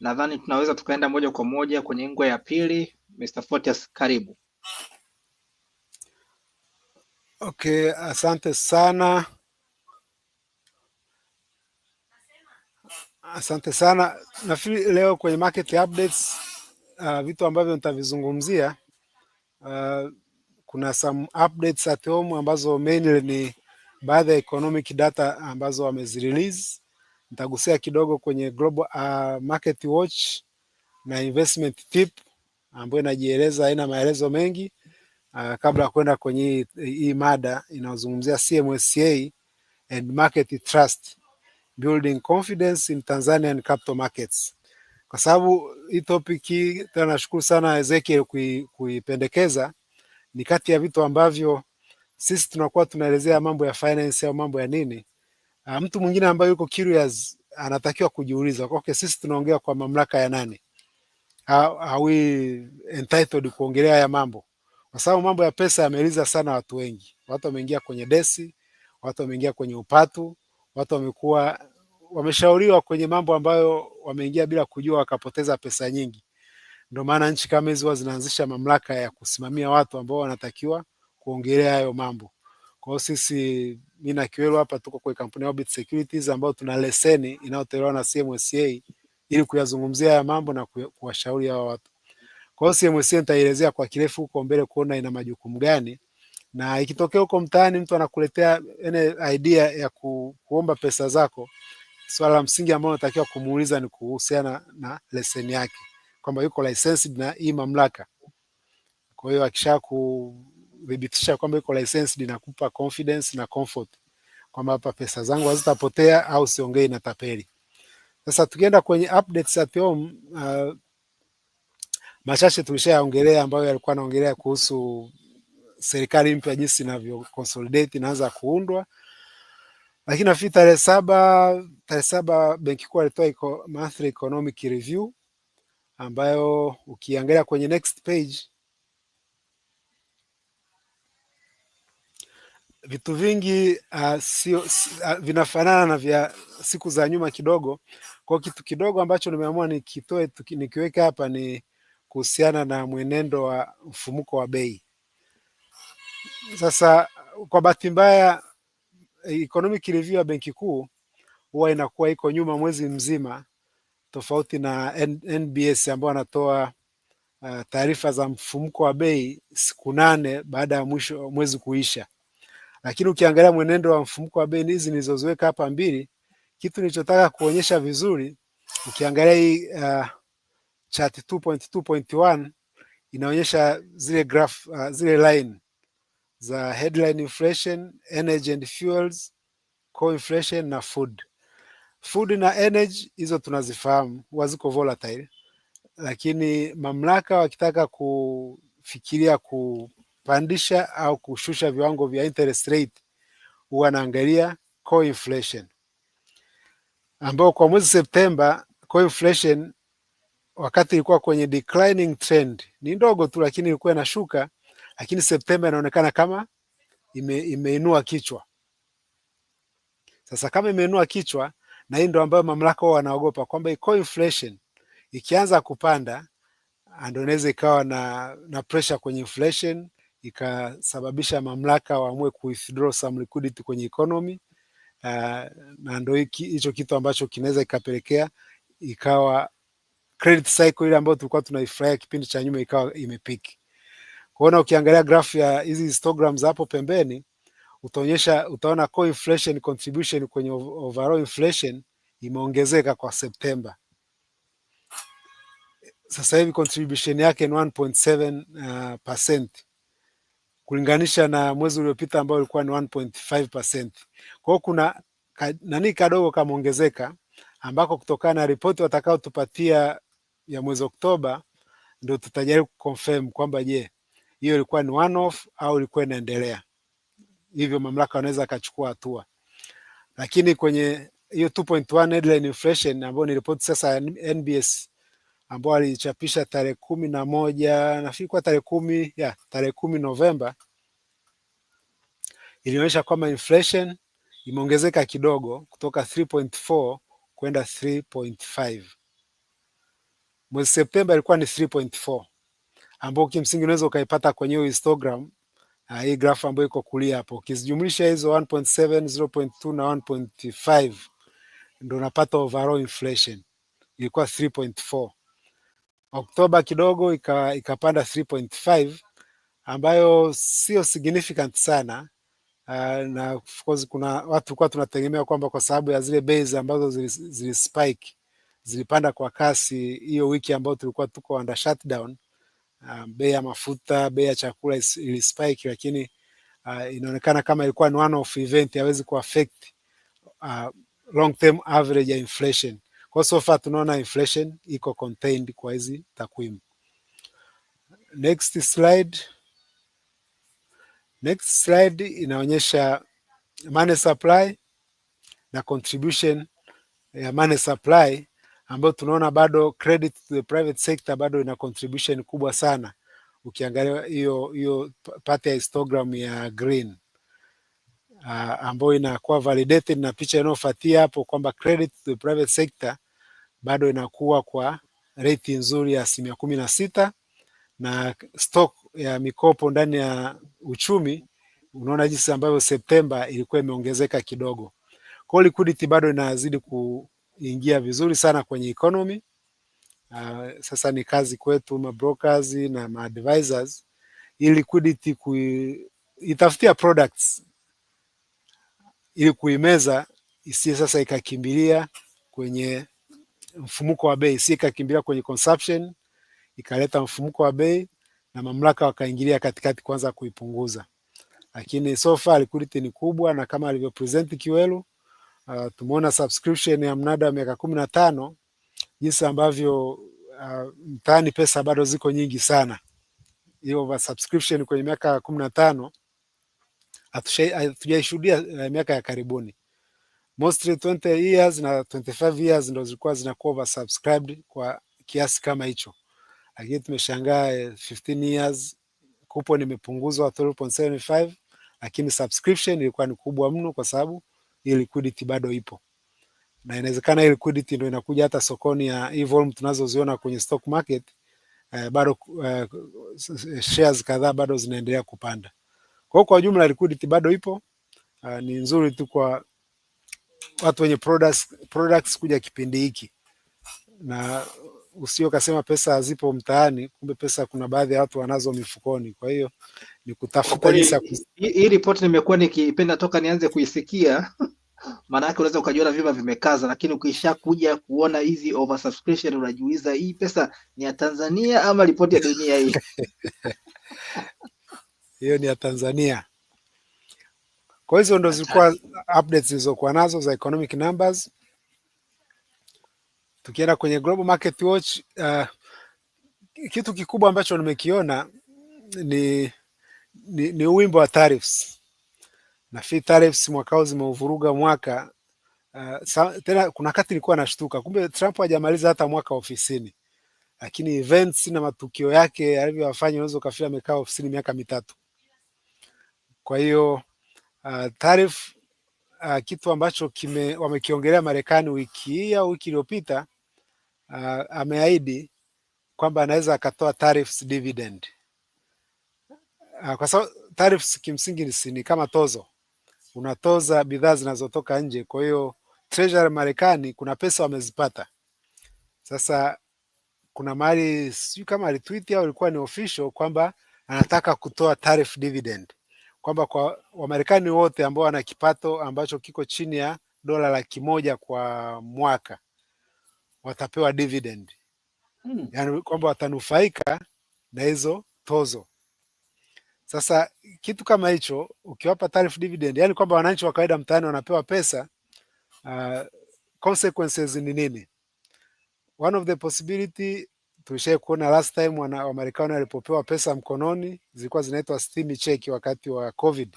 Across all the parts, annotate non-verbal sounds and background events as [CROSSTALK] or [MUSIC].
Nadhani tunaweza tukaenda moja kwa moja kwenye ngwe ya pili. Mr. Fortius, karibu. Okay, asante sana, asante sana. Nafikiri leo kwenye market updates uh, vitu ambavyo nitavizungumzia uh, kuna some updates at home ambazo mainly ni baadhi ya economic data ambazo wamezirelease Nitagusia kidogo kwenye Global uh, Market Watch na investment tip ambayo inajieleza, haina maelezo mengi uh, kabla ya kwenda kwenye hii mada inayozungumzia CMSCA and Market Trust building confidence in Tanzanian capital markets. Kwa sababu hii topic hii, nashukuru sana Ezekiel kuipendekeza. Ni kati ya vitu ambavyo sisi tunakuwa tunaelezea mambo ya finance au mambo ya nini Uh, mtu mwingine ambaye yuko curious anatakiwa kujiuliza, okay, sisi tunaongea kwa mamlaka ya nani? Are we entitled kuongelea haya mambo? Kwa sababu mambo ya pesa yameeleza sana watu wengi. Watu wameingia kwenye desi, watu wameingia kwenye upatu, watu wamekuwa wameshauriwa kwenye mambo ambayo wameingia bila kujua, wakapoteza pesa nyingi. Ndio maana nchi kama hizi huwa zinaanzisha mamlaka ya kusimamia watu ambao wanatakiwa kuongelea hayo mambo. Kwa hiyo sisi, mimi na Kiwelo hapa tuko kwa kampuni ya Orbit Securities ambayo tuna leseni inayotolewa na CMSA ili kuyazungumzia haya mambo na kuwashauri hawa watu. Kwa hiyo CMSA nitaielezea kwa kirefu huko mbele kuona ina majukumu gani, na ikitokea huko mtaani mtu anakuletea any idea ya ku, kuomba pesa zako, swala la msingi ambalo natakiwa kumuuliza ni kuhusiana na leseni yake kwamba yuko licensed na hii mamlaka. Kwa hiyo akisha ku kudhibitisha kwamba iko licensed inakupa confidence na comfort kwamba hapa pesa zangu hazitapotea au siongei na tapeli. Sasa tukienda kwenye updates at home, uh, machache tulishayaongelea ambayo yalikuwa naongelea kuhusu serikali mpya jinsi inavyo consolidate inaanza kuundwa, lakini nafikiri tarehe saba tarehe saba benki kuu alitoa iko monthly economic review ambayo ukiangalia kwenye next page vitu vingi uh, sio, uh, vinafanana na vya siku za nyuma kidogo. Kwa kitu kidogo ambacho nimeamua nikitoe nikiweka hapa ni kuhusiana na mwenendo wa mfumuko wa bei. Sasa kwa bahati mbaya, economic review ya Benki Kuu huwa inakuwa iko nyuma mwezi mzima, tofauti na NBS ambao wanatoa uh, taarifa za mfumuko wa bei siku nane baada ya mwisho mwezi kuisha. Lakini ukiangalia mwenendo wa mfumuko wa bei hizi nilizoziweka hapa mbili, kitu nilichotaka kuonyesha vizuri, ukiangalia hii uh, chart 2.2.1 inaonyesha zile graph, uh, zile line za headline inflation, energy and fuels, core inflation na food. Food na energy hizo tunazifahamu, huwa ziko volatile, lakini mamlaka wakitaka kufikiria ku kupandisha au kushusha viwango vya interest rate huwa anaangalia core inflation, ambao kwa mwezi Septemba core inflation wakati ilikuwa kwenye declining trend, ni ndogo tu, lakini ilikuwa inashuka, lakini Septemba inaonekana kama ime, imeinua kichwa. Sasa kama imeinua kichwa, na hii ndio ambayo mamlaka wao wanaogopa kwamba core inflation ikianza kupanda ndio inaweza ikawa na, na pressure kwenye inflation ikasababisha mamlaka waamue ku withdraw some liquidity kwenye economy uh, na ndio hicho kitu ambacho kinaweza ikapelekea ikawa credit cycle ile ambayo tulikuwa tunaifurahia kipindi cha nyuma ikawa imepiki. Kwaona ukiangalia graph ya hizi histograms hapo pembeni utaonyesha utaona core inflation contribution kwenye overall inflation imeongezeka kwa Septemba. Sasa hivi contribution yake ni 1.7%. Uh, kulinganisha na mwezi uliopita ambao ulikuwa ni 1.5%. Kwa hiyo kuna ka, nani kadogo kameongezeka ambako kutokana na ripoti watakaotupatia ya mwezi Oktoba ndio tutajaribu kuconfirm kwamba je, hiyo ilikuwa ni one off au ilikuwa inaendelea. Hivyo mamlaka wanaweza akachukua hatua, lakini kwenye hiyo 2.1 headline inflation ambayo ni ripoti sasa ya NBS ambao alichapisha tarehe kumi na moja nafikiri kwa tarehe kumi ya tarehe kumi Novemba ilionyesha kwamba inflation imeongezeka kidogo kutoka 3.4 kwenda 3.5. Mwezi Septemba ilikuwa ni 3.4, ambao kimsingi unaweza ukaipata kwenye hiyo histogram uh, hii grafu ambayo iko kulia hapo. Ukizijumlisha hizo 1.7, 0.2 na 1.5 ndio unapata overall inflation ilikuwa Oktoba kidogo ikapanda 3.5 ambayo sio significant sana uh, na of course kuna watu kwa tunategemea kwamba kwa sababu ya zile bei ambazo zilispike zilipanda kwa kasi hiyo wiki ambayo tulikuwa tuko under shutdown. Uh, bei ya mafuta, bei ya chakula ilispike, lakini uh, inaonekana kama ilikuwa ni one of event, hawezi kuaffect uh, long term average ya inflation kwa so far tunaona inflation iko contained kwa hizi takwimu. Next slide. Next slide inaonyesha money supply na contribution ya money supply ambayo tunaona bado credit to the private sector bado ina contribution kubwa sana, ukiangalia hiyo hiyo pati ya histogram ya green uh, ambayo inakuwa validated na picha inayofuatia hapo kwamba credit to the private sector bado inakuwa kwa rate nzuri ya asilimia kumi na sita na stock ya mikopo ndani ya uchumi unaona jinsi ambavyo Septemba ilikuwa imeongezeka kidogo. Kwa hiyo liquidity bado inazidi kuingia vizuri sana kwenye economy. Uh, sasa ni kazi kwetu ma brokers na ma advisors ili liquidity kuitafutia products ili kuimeza isiye sasa ikakimbilia kwenye mfumuko wa bei, si ikakimbilia kwenye consumption ikaleta mfumuko wa bei na mamlaka wakaingilia katikati kwanza kuipunguza. Lakini so far liquidity ni kubwa, na kama alivyo present Kiwelu, uh, tumeona subscription ya mnada wa miaka kumi na tano jinsi ambavyo uh, mtaani pesa bado ziko nyingi sana. Hiyo over subscription kwenye miaka kumi na tano hatujaishuhudia uh, miaka ya karibuni mostly 20 years na 25 years ndo zilikuwa zinakuwa oversubscribed kwa kiasi kama hicho, lakini tumeshangaa 15 eh, years kupo nimepunguzwa 3.75, lakini subscription ilikuwa ni kubwa mno, kwa sababu hii liquidity bado ipo, na inawezekana hii liquidity ndio inakuja hata sokoni ya hii volume tunazoziona kwenye stock market eh, bado eh, shares kadhaa bado zinaendelea kupanda. Kwa hiyo kwa jumla liquidity bado ipo, uh, ni nzuri tu kwa watu wenye products, products kuja kipindi hiki, na usio kasema pesa hazipo mtaani, kumbe pesa kuna baadhi ya watu wanazo mifukoni. Kwa hiyo ni kutafuta hii ya report. Nimekuwa nikipenda toka nianze kuisikia [LAUGHS] maana yake unaweza ukajiona vyema vimekaza, lakini ukisha kuja kuona hizi oversubscription unajiuliza hii pesa ni ya Tanzania ama ripoti ya dunia hii? [LAUGHS] hiyo ni ya Tanzania. Kwa hizo ndo zilikuwa updates zilizokuwa nazo za economic numbers. Tukienda kwenye Global Market Watch, uh, kitu kikubwa ambacho nimekiona ni, ni, ni uwimbo wa tariffs na fee tariffs mwaka huu zimeuvuruga mwaka uh, sa, tena kuna wakati nilikuwa nashtuka kumbe Trump hajamaliza hata mwaka ofisini, lakini events na matukio yake alivyoyafanya unaweza ukafikiri amekaa ofisini miaka mitatu. Kwa hiyo uh, tarif uh, kitu ambacho kime, wamekiongelea Marekani wiki hii au wiki iliyopita uh, ameahidi kwamba anaweza akatoa tariffs dividend uh, kwa sababu tariffs kimsingi ni kama tozo, unatoza bidhaa zinazotoka nje. Kwa hiyo treasury Marekani kuna pesa wamezipata sasa kuna mahali sijui kama alitweet au ilikuwa ni official kwamba anataka kutoa tariff dividend kwamba kwa Wamarekani wote ambao wana kipato ambacho kiko chini ya dola laki moja kwa mwaka watapewa dividend hmm. Yani kwamba watanufaika na hizo tozo. Sasa kitu kama hicho ukiwapa tariff dividend, yani kwamba wananchi wa kawaida mtaani wanapewa pesa uh, consequences ni nini? One of the possibility tulishai kuona last time wana, Wamarekani walipopewa pesa mkononi zilikuwa zinaitwa steam check Wakati wa COVID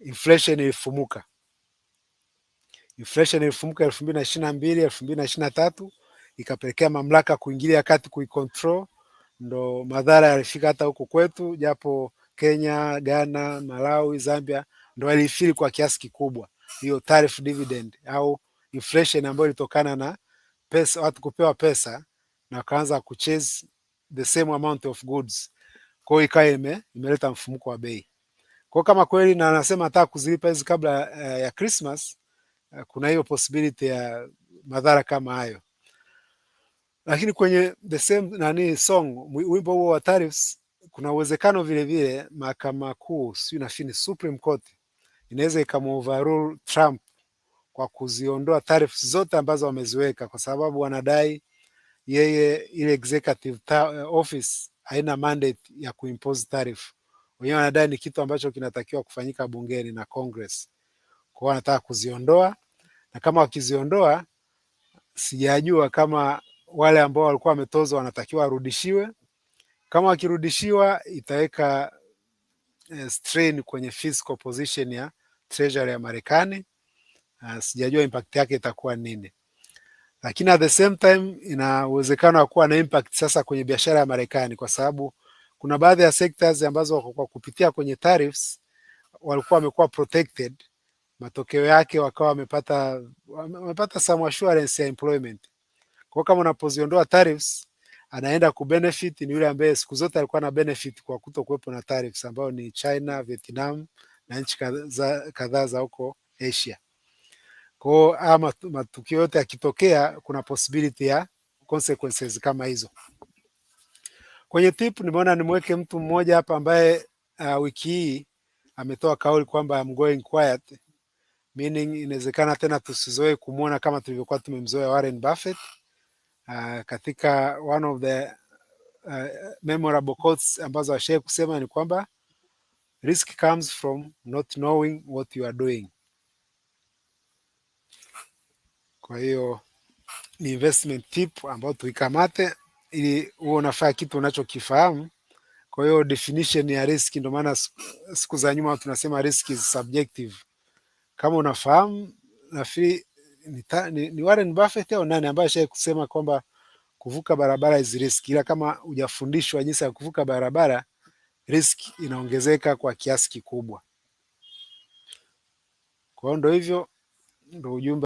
inflation ilifumuka, inflation ilifumuka elfu mbili na ishirini na mbili elfu mbili na ishirini na tatu ikapelekea mamlaka kuingilia kati kuicontrol, ndo madhara yalifika hata huko kwetu, japo Kenya, Ghana, Malawi, Zambia ndo walifili kwa kiasi kikubwa hiyo tariff dividend au inflation ambayo ilitokana na pesa, watu kupewa pesa na wakaanza kuchase the same amount of goods, kwa hiyo ikae ime, imeleta mfumuko wa bei. Kwa kama kweli na anasema nataka kuzilipa hizi kabla uh, ya Christmas uh, kuna hiyo possibility ya madhara kama hayo, lakini kwenye the same nani song, wimbo huo wa tariffs, kuna uwezekano vile vile mahakama kuu sio fini Supreme Court inaweza ikamoverrule Trump kwa kuziondoa tariffs zote ambazo wameziweka, kwa sababu wanadai yeye ile executive eh, office haina mandate ya kuimpose tarifu. Wenyewe wanadai ni kitu ambacho kinatakiwa kufanyika bungeni na Congress. Kwa hiyo wanataka kuziondoa, na kama wakiziondoa, sijajua kama wale ambao walikuwa wametozwa wanatakiwa warudishiwe. Kama wakirudishiwa, itaweka eh, strain kwenye fiscal position ya treasury ya Marekani. Ah, sijajua impact yake itakuwa nini lakini at the same time ina uwezekano wa kuwa na impact sasa kwenye biashara ya Marekani kwa sababu kuna baadhi ya sectors ambazo kwa kupitia kwenye tariffs walikuwa wamekuwa protected, matokeo yake wakawa wamepata wamepata some assurance ya employment. Kwa kama unapoziondoa tariffs, anaenda kubenefit ni yule ambaye siku zote alikuwa na benefit kwa kutokuwepo na tariffs, ambayo ni China, Vietnam na nchi kadhaa za huko Asia. Kwa ama matukio yote yakitokea, kuna possibility ya consequences kama hizo. Kwenye tip nimeona nimweke mtu mmoja hapa ambaye uh, wiki hii ametoa kauli kwamba I'm going quiet, meaning inawezekana tena tusizoee kumwona kama tulivyokuwa tumemzoea Warren Buffett. Uh, katika one of the uh, memorable quotes ambazo ashae kusema ni kwamba risk comes from not knowing what you are doing. Kwa hiyo ni investment tip ambayo tuikamate, ili huo unafaa kitu unachokifahamu. Kwa hiyo definition ya risk, ndio maana siku za nyuma tunasema risk is subjective. Kama unafahamu, nafikiri ni, ni, ni Warren Buffett au nani ambaye ashai kusema kwamba kuvuka barabara is risk, ila kama hujafundishwa jinsi ya kuvuka barabara, risk inaongezeka kwa kiasi kikubwa. Kwa hiyo ndo hivyo, ndo ujumbe.